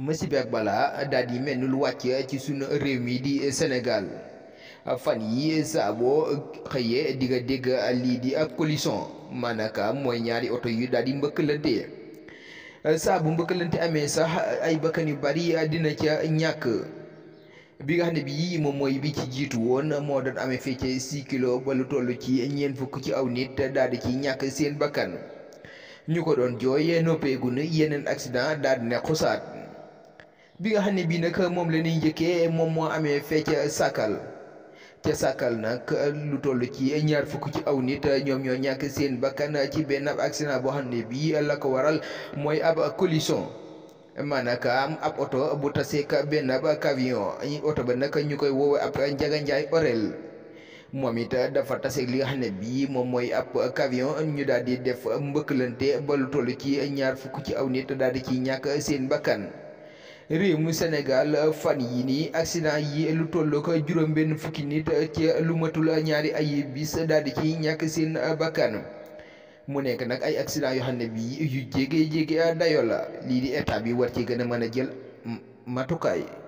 masiba ak balaa daal di mel ni lu wàcc ci sunu réew mi di Sénégal fan yi saaboo xëyee di dégg lii di ak collision maanaam mooy ñaari oto yu daal di mbëkkalante saa bu mbëkkalante amee sax ay bakkan yu bari dina ca ñàkk bi nga xam ne bii moom mooy bi ci jiitu woon moo doon amee fii ci six kilo ba lu toll ci ñeent fukk ci aw nit daal di ci ñàkk seen bakkan ñu ko doon jooy noppeegun yeneen accident daal di ne xusaat bi nga xam ne bii nag moom la ñuy njëkkee moom moo amee fecc ca sàkkal ca sàkkal nag lu toll ci ñaar fukk ci aw nit ñoom ñoo ñàkk seen bakkan ci benn ab accident boo xam ne bii la ko waral mooy ab collision maanaam ab oto bu taseek benn ab camion oto ba nag ñu koy woowee ab njaganjaay orel moom it dafa taseeg li nga xam ne bii moom mooy ab camion ñu daal di def mbëkkalante ba lu toll ci ñaar fukk ci aw nit daal di ci ñàkk seen bakkan réew mu Sénégal fan yi nii accident yi lu tolloo ko juróom benn fukki nit ci lu matul ñaari ay bis daal di ci ñàkk seen bakkan mu nekk nag ay accident yoo xam ne bii yu jégee jégee dayoo la lii di état bi war ci gën a mën a jël matukaay